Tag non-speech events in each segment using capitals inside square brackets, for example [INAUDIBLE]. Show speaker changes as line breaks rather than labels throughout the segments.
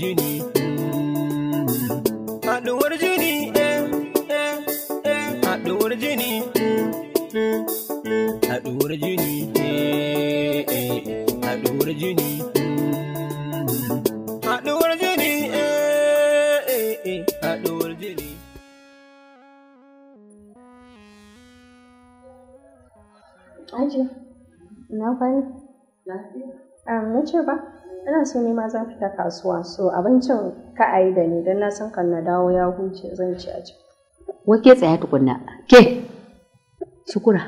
Virginie.
ina so ne ma zan fita kasuwa so abincin ka a da ni don na san kan na dawo ya huce zan ci a ci.
Wake tsaya tukunna ke shukura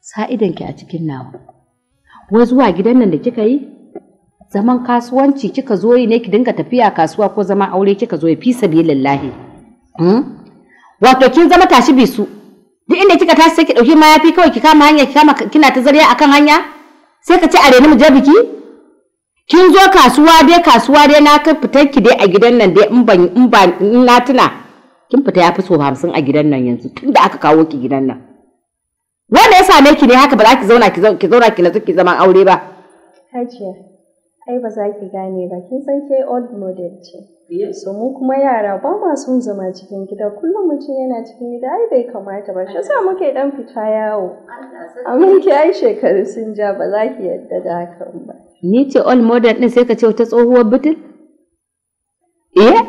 sa ki a cikin nawa. Wai zuwa gidan nan da kika yi zaman kasuwanci kika zo yi ne ki dinga tafiya kasuwa ko zama aure kika zo yi fi sabilillahi. Hmm? Wato kin zama tashi bisu duk inda kika tashi sai ki dauki mayafi kawai ki kama hanya ki kama kina ta zariya akan hanya sai ka ci a reni mu je biki. kin zo kasuwa dai kasuwa dai na kai fitar ki dai a gidan nan dai in ban in ba in na tuna kin fita ya fi so hamsin a gidan nan yanzu tunda aka kawo ki gidan nan wanda ya same ki ne haka ba za ki zauna ki zauna ki zauna ki zaman aure ba
hajiya ai ba za ki gane ba kin san ke old model ce so mu kuma yara ba ma sun zama cikin gida kullum mutum yana cikin gida ai bai kamata ba shi yasa muke dan fita yawo amma ki ai shekaru sun ja ba za ki yadda da hakan ba
ni ce all modern din sai ka ce wata tsohuwar butul eh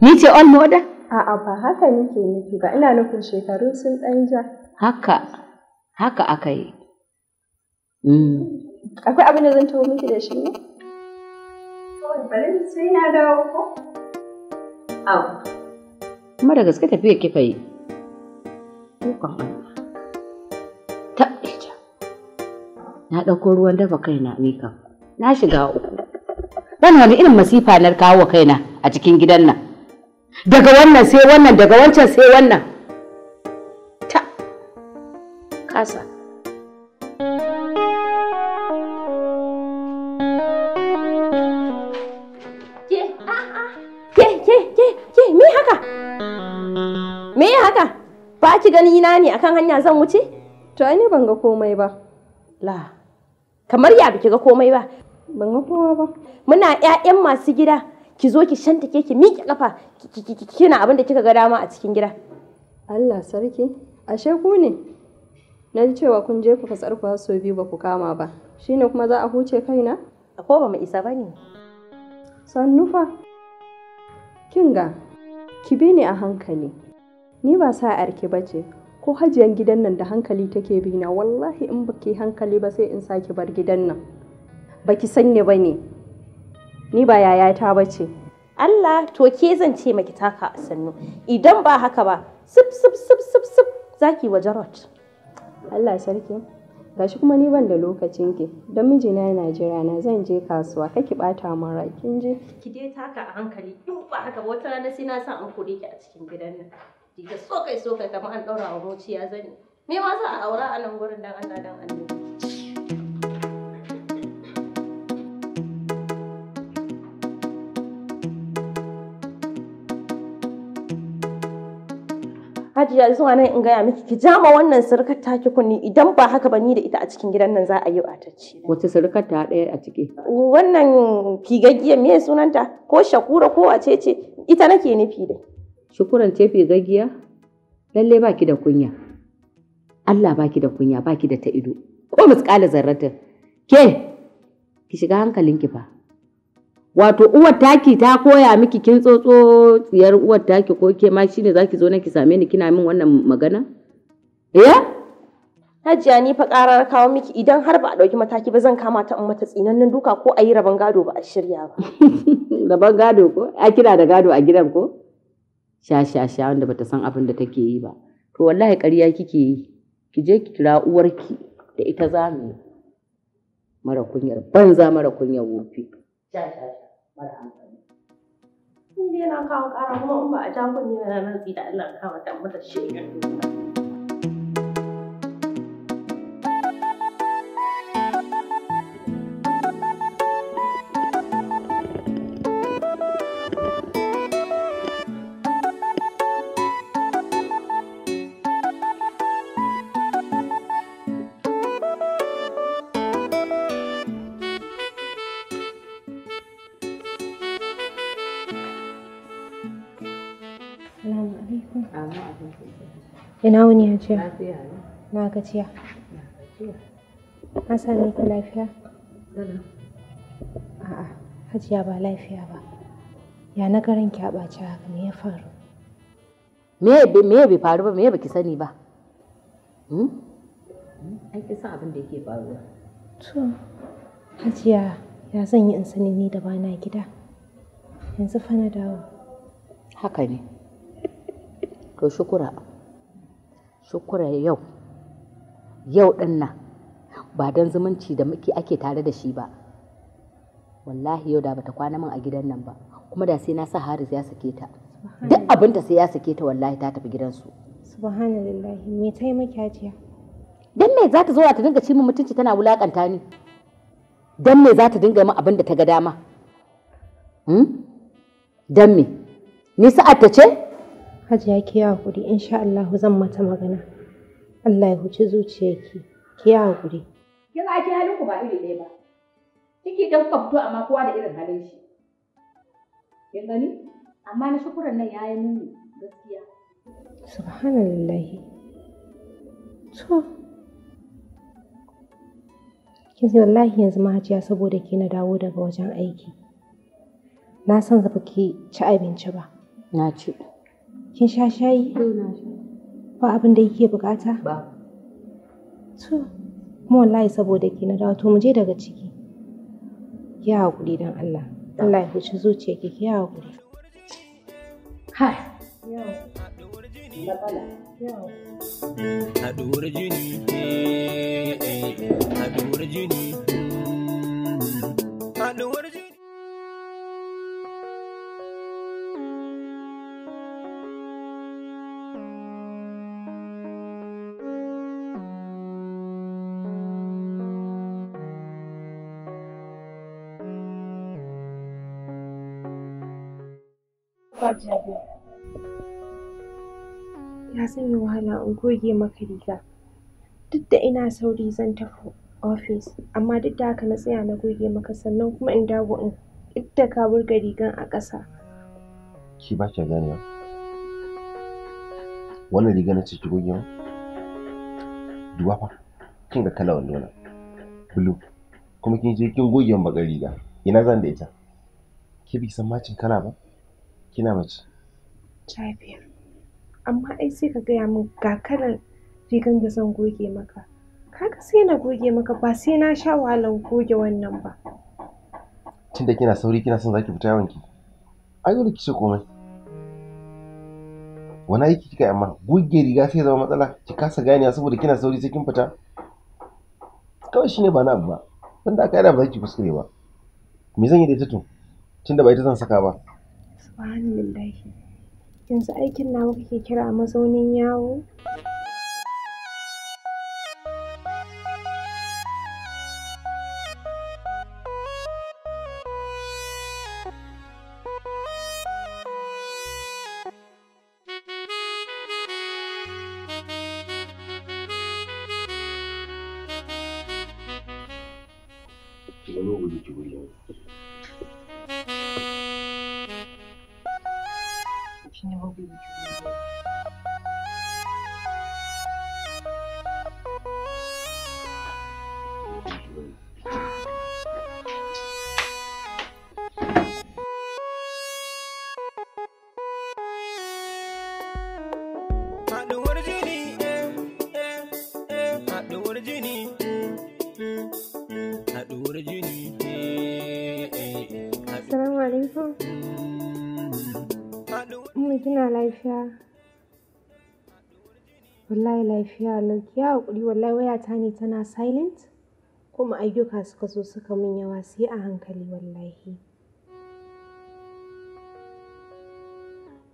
ni ce all modern
a'a ba haka nake nufi ba ina nufin shekaru sun dan ja
haka haka aka yi mm.
akwai abin da zan tawo miki da shi ne bari sai na dawo ko au
kuma da gaske tafiya kifa yi ko kan na ɗauko ruwan dafa kaina ni kam na shiga uku ban wani irin masifa na kawo kaina a cikin gidan nan daga wannan sai wannan daga wancan sai wannan ta kasa
Me haka? Me haka? Ba ki gani na ne akan hanya zan wuce? To ai ban ga komai ba. La. kamar ya biki ga komai ba ban ga kowa ba muna ƴaƴan masu gida ki zo ki shantake ki miƙe kafa
kina abin da kika ga dama a cikin gida Allah sarki ashe ku ne na ji cewa kun je ku fatsar ku so biyu ba ku kama ba shine kuma za a huce kaina a ko ba mu isa bane sannufa kinga ki bi ni a hankali ni ba sa arki bace ko hajiyan gidan nan da hankali take bi na wallahi in baki hankali ba sai in sake bar gidan nan baki sanya ba ne ni ba yayata ba ce
Allah to ke
zan ce maki taka
a sannu idan ba haka ba sip sip sip sip sip zaki wa jarot
Allah sarki gashi kuma ni ban da lokacin ki don mijina yana jira na zan je kasuwa kake bata mara rai kin je
ki dai taka a hankali in ba haka ba wata rana sai na san an kore ki a cikin gidan nan da so kai so kai kamar an ɗaura wa muciya zani me ma za a aura a nan gurin dan Allah dan Allah Hajiya zuwa nan in gaya miki ki ja ma wannan surukar taki kunni idan ba haka ba ni da ita a cikin gidan nan za a yi batacce.
Wace surukar ta ɗaya a ciki?
Wannan figaggiya me sunanta ko shakura ko wace ce ita nake nufi da.
Shukuran ce gaggiya? Lalle baki da kunya. Allah baki da kunya, baki da ta ido. Ko misƙala zarratin. Ke, ki shiga hankalinki fa. Wato uwar taki ta koya miki kin tsotso tsiyar uwar taki ko ke ma shine zaki zo nan ki same ni kina min wannan magana? Eh?
Hajiya ni fa karar kawo miki idan har ba a ɗauki mataki ba zan kama ta in mata tsinannen duka ko a yi
rabon gado ba a shirya ba. [LAUGHS] Rabon gado ko? A kira da gado a gidan ko? Shashasha wanda bata san abin da take yi ba to wallahi ƙarya kike yi ki je ki kira uwarki da ita za mu mara kunyar banza mara kunyar wofi mara hankali
ni dai na kawo ƙara kuma in ba a
ja kunni na rantsi da Allah kawo ta mata shirya
gajiya na gajiya an ku lafiya a'a hajiya ba lafiya ba ya na garin ki a ɓaci haka me ya faru
me ya bai faru ba me ya baki sani ba hmm? an ƙi san abin da yake faruwa to hajiya ya
zan yi in sani ni da bana gida yanzu fa na dawo
haka ne ko shukura shukura yau yau ɗin nan ba don zumunci da muke ake tare da shi ba wallahi yau da bata kwana min a gidan nan ba kuma da sai na sa haris ya sake ta duk abinta sai ya sake ta wallahi ta tafi gidansu
subhanallah me ta yi maki
dan me za ta zo ta dinga ci min mutunci tana wulakanta ni dan me za ta dinga min abin da ta ga dama hmm? dan me ni sa'ad ta ce
Hajiya ki yi haƙuri, insha Allah zan mata magana. Allah ya huci zuciyarki, ki yi haƙuri.
Kin ake halinku ba iri ɗaya ba. Kiki da kuka fito amma kowa da irin halin shi. Kin gani? Amma na shukuran nan ya yi muni
gaskiya.
Subhanallahi. To. Kin ji wallahi yanzu mahajiya saboda ki na dawo daga wajen aiki. Na san zaba ki ci abinci ba. Na ci. Kin sha shayi? Eh, ba abin da yake bukata? Ba. To, kuma wallahi saboda ki na dawo to mu je daga ciki. Ki haƙuri don Allah. Allah ya huci zuciya ki ki haƙuri. Ha. Haɗuwar jini,
eh, eh, haɗuwar jini, hmm. haɗuwar jini.
Ya sanya wahala in goge maka riga. Duk da ina sauri zan tafi ofis, amma duk da haka na tsaya na goge maka sannan kuma in dawo in idda ka burga rigan a ƙasa.
Ki ba ki ganewa. Wannan riga na ce ki goge mu? Duba fa, kin ga kalar wando na. Blue. Kuma kin je kin goge mu bakar riga. Ina zan da ita? Ki bi san macin kala ba? Kina mace?
Lafiya. Amma ai sai ka gaya min ga kalan rigan da zan goge maka. Kaga sai na goge maka ba sai na sha wahalar goge wannan ba.
Tunda kina sauri kina son zaki fita yawanki. Ai dole ki ce komai. Wani aiki kika yi amma goge riga sai zama matsala ki kasa gane saboda kina sauri sai kin fita. Kawai shine ba na abu ba. Wanda aka yada ba zaki kuskure ba. Me zan yi da ita to? Tunda ba ita zan saka ba.
subhanallahi yanzu aikin nawa kake kira mazaunin yawo очень его вылечу. lafiya? Wallahi lafiya lafiya Ki wallahi wayata ne tana silent kuma ayyuka suka zo suka min yawa sai a hankali wallahi.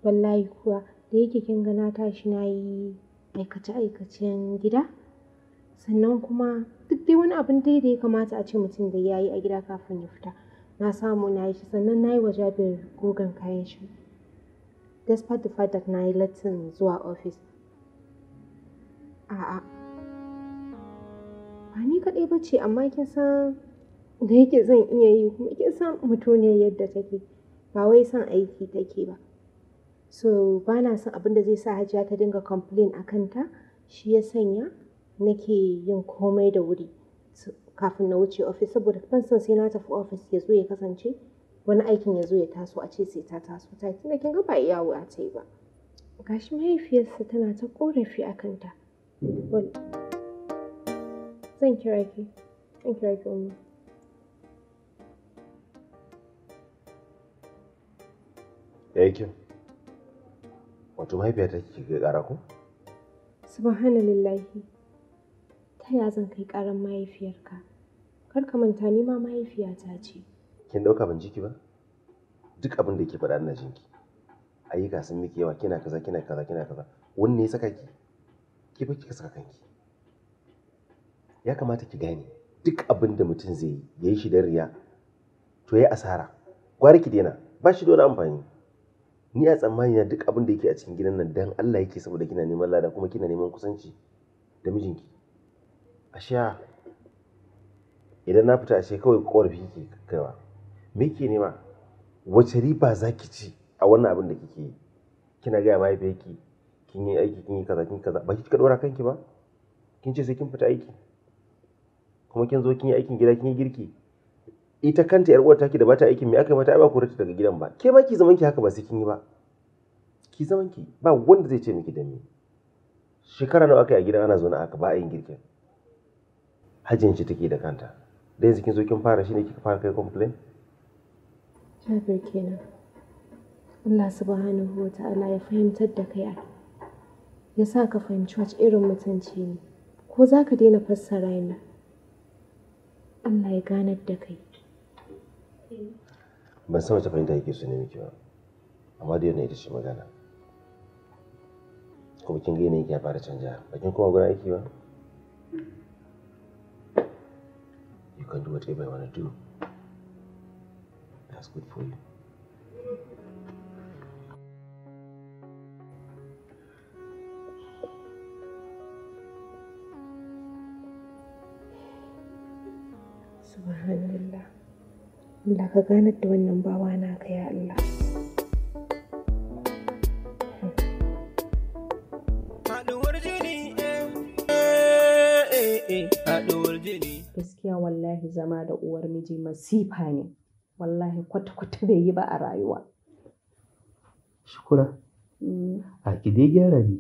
Wallahi kuwa da yake kin na tashi na yi aikace-aikacen gida sannan kuma duk dai wani abin dai da ya kamata a ce mutum da ya yi a gida kafin ya fita. Na samu na yi shi sannan na yi wa Jabir gogon kayan shi. despite the fact that zuwa ofis a'a ba ni kaɗai ba ce amma kin san da yake zan iya yi kuma kin san ne yadda take ba wai son aiki take ba so ba na son abin da zai sa hajiya ta dinga complain a kanta shi ya sanya nake yin komai da wuri kafin na wuce ofis saboda ban sai na tafi ofis ya zo ya kasance wani aikin ya zo ya taso a ce sai ta taso ta tunda kin ga ba yawo a ta yi ba gashi mahaifiyarsa tana ta korafi a kanta zan kira ki zan kira ki umma
yayi wato mahaifiya ta kike ƙara ko
subhanallahi ta ya zan kai ƙaran mahaifiyarka kar ka manta ni ma mahaifiyata ce
kin dauka ban jiki ba duk abin da ke faɗa ina jin jinki ayyuka sun miki yawa kina kaza kina kaza kina kaza wanne ya saka ki ki ba kika saka kanki ya kamata ki gane duk abin da mutum zai yi ya yi shi dan riya to ya asara gwara ki daina ba shi da wani amfani ni a tsammani na duk abin da yake a cikin gidan nan dan Allah yake saboda kina neman lada kuma kina neman kusanci da mijinki ashe idan na fita ashe kawai korafi ke kaiwa me ke nema wace riba za ki ci a wannan abin da kike yi kina gaya mahaifiyarki kin yi aiki kin yi kaza kin kaza ba ki ka dora kanki ba kin ce sai kin fita aiki kuma kin zo kin yi aikin gida kin yi girki ita kanta yar uwar taki da bata aikin me aka mata ai ba ku daga gidan ba ke ba ki zaman ki haka ba sai kin yi ba ki zaman ki ba wanda zai ce miki da ni shekara nawa aka yi a gidan ana zaune aka ba a yin girkin hajjin shi take da kanta da yanzu kin zo kin fara shi ne kika fara kai complain
Jabir kenan. Allah subhanahu wa ta'ala ya fahimtar da kai ya sa ka fahimci wace irin mutunci ne ko za ka daina fassara ni Allah ya ganar da kai
ban san wace fahimta yake so ne miki ba amma da yi da shi magana kuma kin ga yanayi ya fara canja ba kin kuma gurin aiki ba you can do whatever you want to do that's good
Subhanallah. Allah ka gane da wannan bawa naka ya Allah.
Eh, eh, eh,
Gaskiya wallahi zama da uwar miji masifa ne. wallahi kwata-kwata bai yi ba a rayuwa shukura mm.
a ki dai gyara ne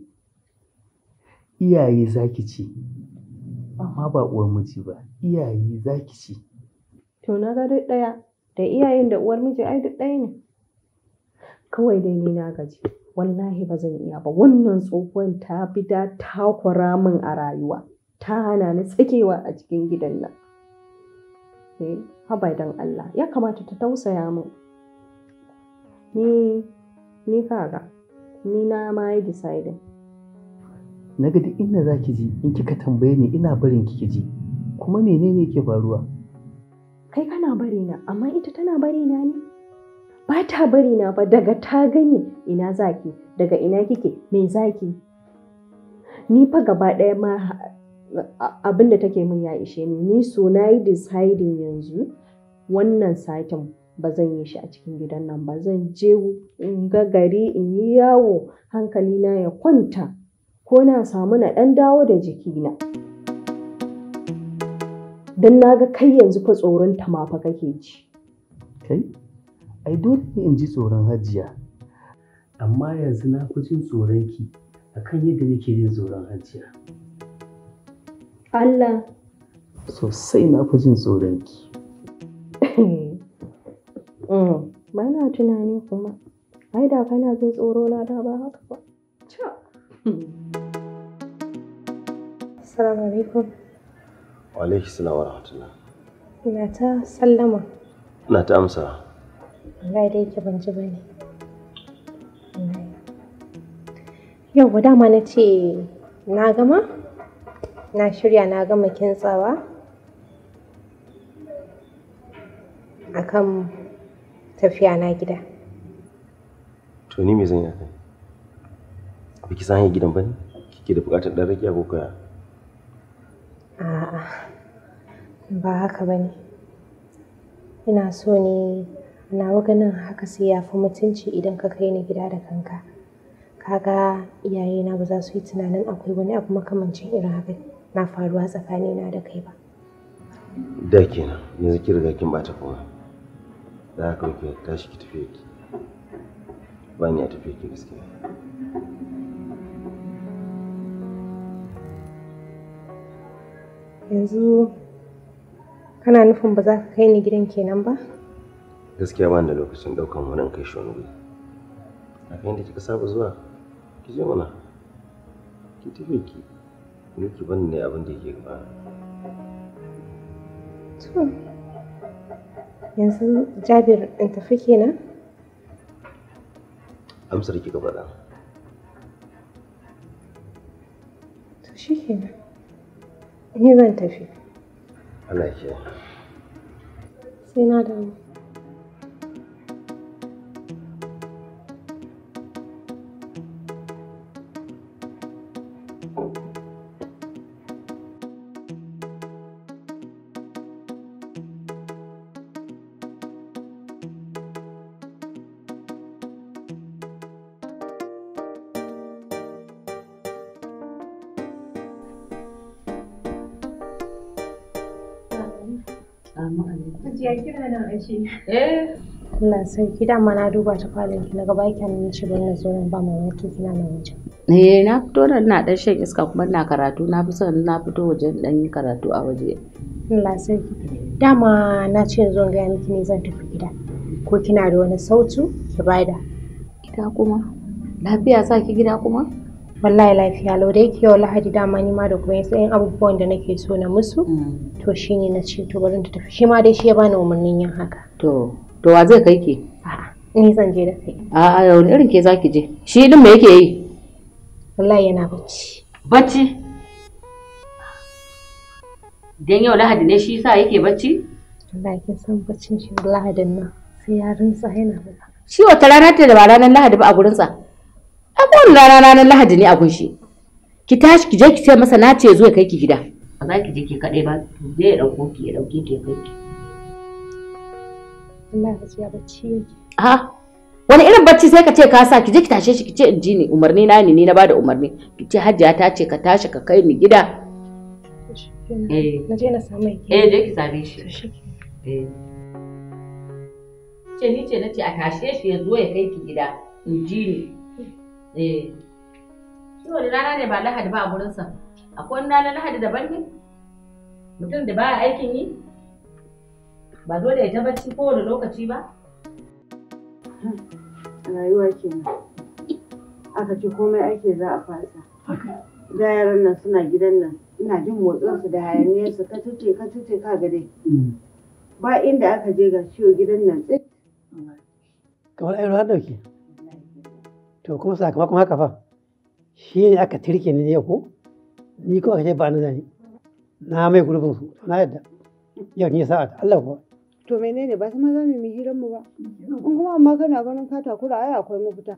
iyaye za ki ce amma ba uwar miji ba iyaye za ki ce
to na ga duk ɗaya da iyayen da uwar miji ai duk ɗaya ne kawai dai ni na gaji wallahi ba zan iya ba wannan tsohon ta bi da takura min a rayuwa ta hana ni tsakewa a cikin gidan nan ta yi Allah ya kamata ta tausaya min. ni ni kaga ni na ma yi deciding
na gadi za ki ji in kika tambaye ni ina barin ki ji kuma menene ke faruwa
kai kana bari na amma ita tana bari na ne ba ta bari na ba daga ta gani ina zaki daga ina kike me zaki ni fa gaba ɗaya ma abin da take min ya ishe ni ni so na yi deciding yanzu wannan satin ba zan yi shi a cikin gidan nan ba zan je in ga gari in yi yawo hankali na ya kwanta ko na samu na ɗan dawo da jikina don na ga kai yanzu fa tsoron ta ma fa kake ji
kai ai dole ne in ji tsoron hajiya amma yanzu na fi jin tsoron ki akan yadda nake jin tsoron hajiya Allah. Sosai na fi jin tsoron ki.
[LAUGHS] Mm, ba tunani kuma. Ai da kana jin tsoro na da ba haka ba. Ciao. Assalamu alaikum.
Wa alaikum salam wa rahmatullah.
Ina ta sallama.
Ina ta amsa.
Wallahi dai ke ban ji bane. Yau dama na ce na gama? na shirya na gama kintsawa akan tafiya na gida
to ni me zan yi akai ba ki san hanyar gidan bane kike da buƙatar dan rakiya ko kaya
a'a ba haka bane ina so ne nawa ganin haka sai ya fi mutunci idan ka kai ni gida da kanka kaga iyayena ba za su yi tunanin akwai wani abu makamancin irin haka na faruwa tsakanina da kai ba
da kenan yanzu ki riga kin bata kuma da haka ki tashi ki tafi ki ba ni a tafi ki gaskiya
yanzu kana nufin ba za ka kai ni gidan kenan ba
gaskiya ba da lokacin daukan wani kai shi wani guri a kan da kika saba zuwa ki je mana ki tafi ki ni ki ne abin da yake gaba
to yanzu jabir in tafi kenan
amsar ki gaba da
to shikenan ni zan tafi Allah ya sai na dawo Ajiya kina nan ashe. Eh. Allah sarki ma na duba ta falon ki naga baki nan shirin na zo nan ba mamaki kina nan wajen.
Eh na fito nan na dan shan iska kuma na karatu na fi son na fito wajen dan yi karatu a waje.
Allah sarki dama na ce zo ga miki kini zan tafi gida ko kina da wani sautu ki bada. Gida kuma lafiya sa ki gida kuma? wallahi lafiya lau da yake yau lahadi dama ni ma da kuma yasa yan abubuwan da nake so na musu mm. to shine na ce to bari ta tafi shi ma dai shi ya bani umarnin yin haka
to to wa zai kai ki
a'a ni zan je da kai
a'a yau irin ke zaki je shi din me yake yi
wallahi yana bacci bacci
dan yau lahadi ne shi yasa yake bacci
wallahi kin san baccin shi lahadin nan
sai ya rinsa yana bacci
shi wata rana ta da ba ranar lahadi ba a gurinsa ai kowane rana ranar lahadi ne a kunshi ki tashi ki je ki ce masa na zo ya kai ki gida ba za ki je ki kaɗai ba zai ya ɗauko ki ya ɗauke ki ya kai ki
Allah ya bacci
yake wani irin bacci sai ka ce ka sa ki je ki tashe shi ki ce in ji ni umarni na ni ni na bada umarni ki ce hajjiya ta ce ka tashi ka kai ni gida
eh je na samu eh je ki same shi eh
ce ni ce nace a tashe shi ya zo ya kai ki gida in ji ni eh kiwo da rana ne ba lahadi ba a gurinsa akwai wani ranar lahadi daban ne mutum da baya aikin yi ba dole ya ta bacci kowane lokaci
ba rayuwa ke nan, aka ce komai ake za a fasa da yaran nan suna gidan nan ina jin motsinsu da hayaniyarsu ka cuce ka tuce ka gade ba inda aka je ga ciwo gidan nan
tsit kamar ai ruwa dauke to kuma sakamakon haka fa shi ne aka tirke ni ne ko ni kuma aka ce ba ni zani na mai gurbin su na yadda yau ni sa'a Allah ko.
to menene ba kuma za mu yi mu ba kuma amma kana ganin ka takura ai akwai mafita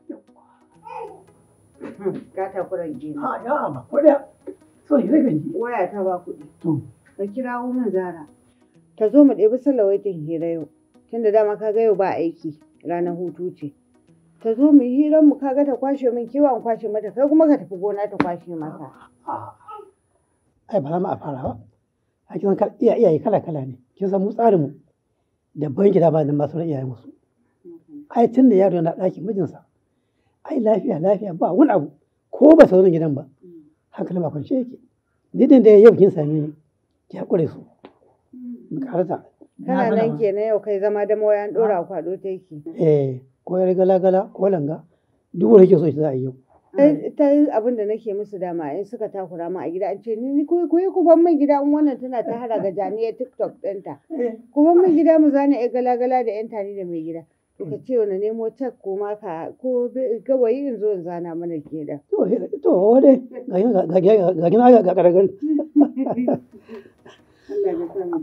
ka takura ji ha ya ba kuɗi so yi zai ganji waya ta ba kuɗi to ka kirawo mun zara ta zo mu ɗebi sallawaitin hira yau tunda dama ka ga yau ba aiki ranar hutu ce ta zo
mu yi mu
kaga ta kwashe min kiwon an kwashe mata kai kuma ka tafi gona ta kwashe mata.
ai ba mu a fara ba a kiwon iya kala kala ne kin san mu tsarin mu da ban gida ba da masu iyaye musu ai tun da yaro yana ɗakin mijinsa ai lafiya lafiya ba wani abu ko ba sauran gidan ba hankalin ba kwance yake didin da yau kin sami ni ki hakure su mu karata kana nan
kenan yau kai zama da mawayan dora kwado take eh
ko yar gala-gala ko langa duk wanda yake so ita za a yi yau.
Eh, ta abin da nake musu dama in suka takura ma a gida an ce ni ko ko ku ban mai gida in wannan tana ta hara ga janiyar tiktok ɗinta eh. ku ban mai gida mu zana yar gala-gala da yan tani da mai gida to hmm. ka ce wani nemo tak ko ma ka ko gawayi in zo in zana mana
gida. to to wani ga gina ga karagar [LAUGHS]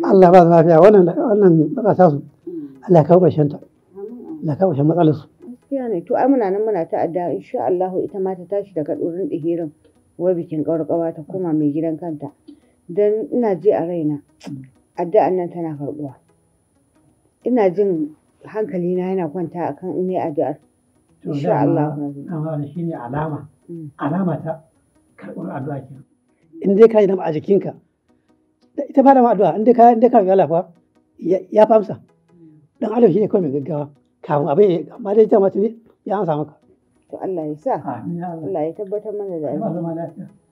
Allah ba su lafiya wannan wannan ba ta su hmm. Allah ya kawo ƙarshen ta. na kawo matsalar su
gaskiya ne to ai muna nan muna ta adda sha Allah ita ma ta tashi daga ɗorin ɗihirin wai bikin ƙaurƙawa ta koma mai gidan kanta Don ina ji a raina addu'an nan tana karɓuwa ina jin hankali na yana kwanta akan in yi addu'ar insha Allah
alama mm. alama ta karɓar addu'a kenan in dai ka yi nama a jikinka ita fara ma addu'a in dai ka in lafa ya famsa mm. dan Allah shine kawai mai gaggawa kafin abin ya amma dai jama tuni ya amsa maka
to Allah ya sa Allah ya tabbatar mana da abin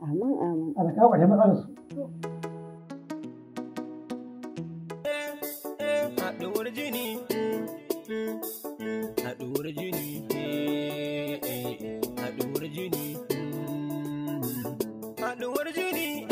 amin amin Allah su
haɗuwar jini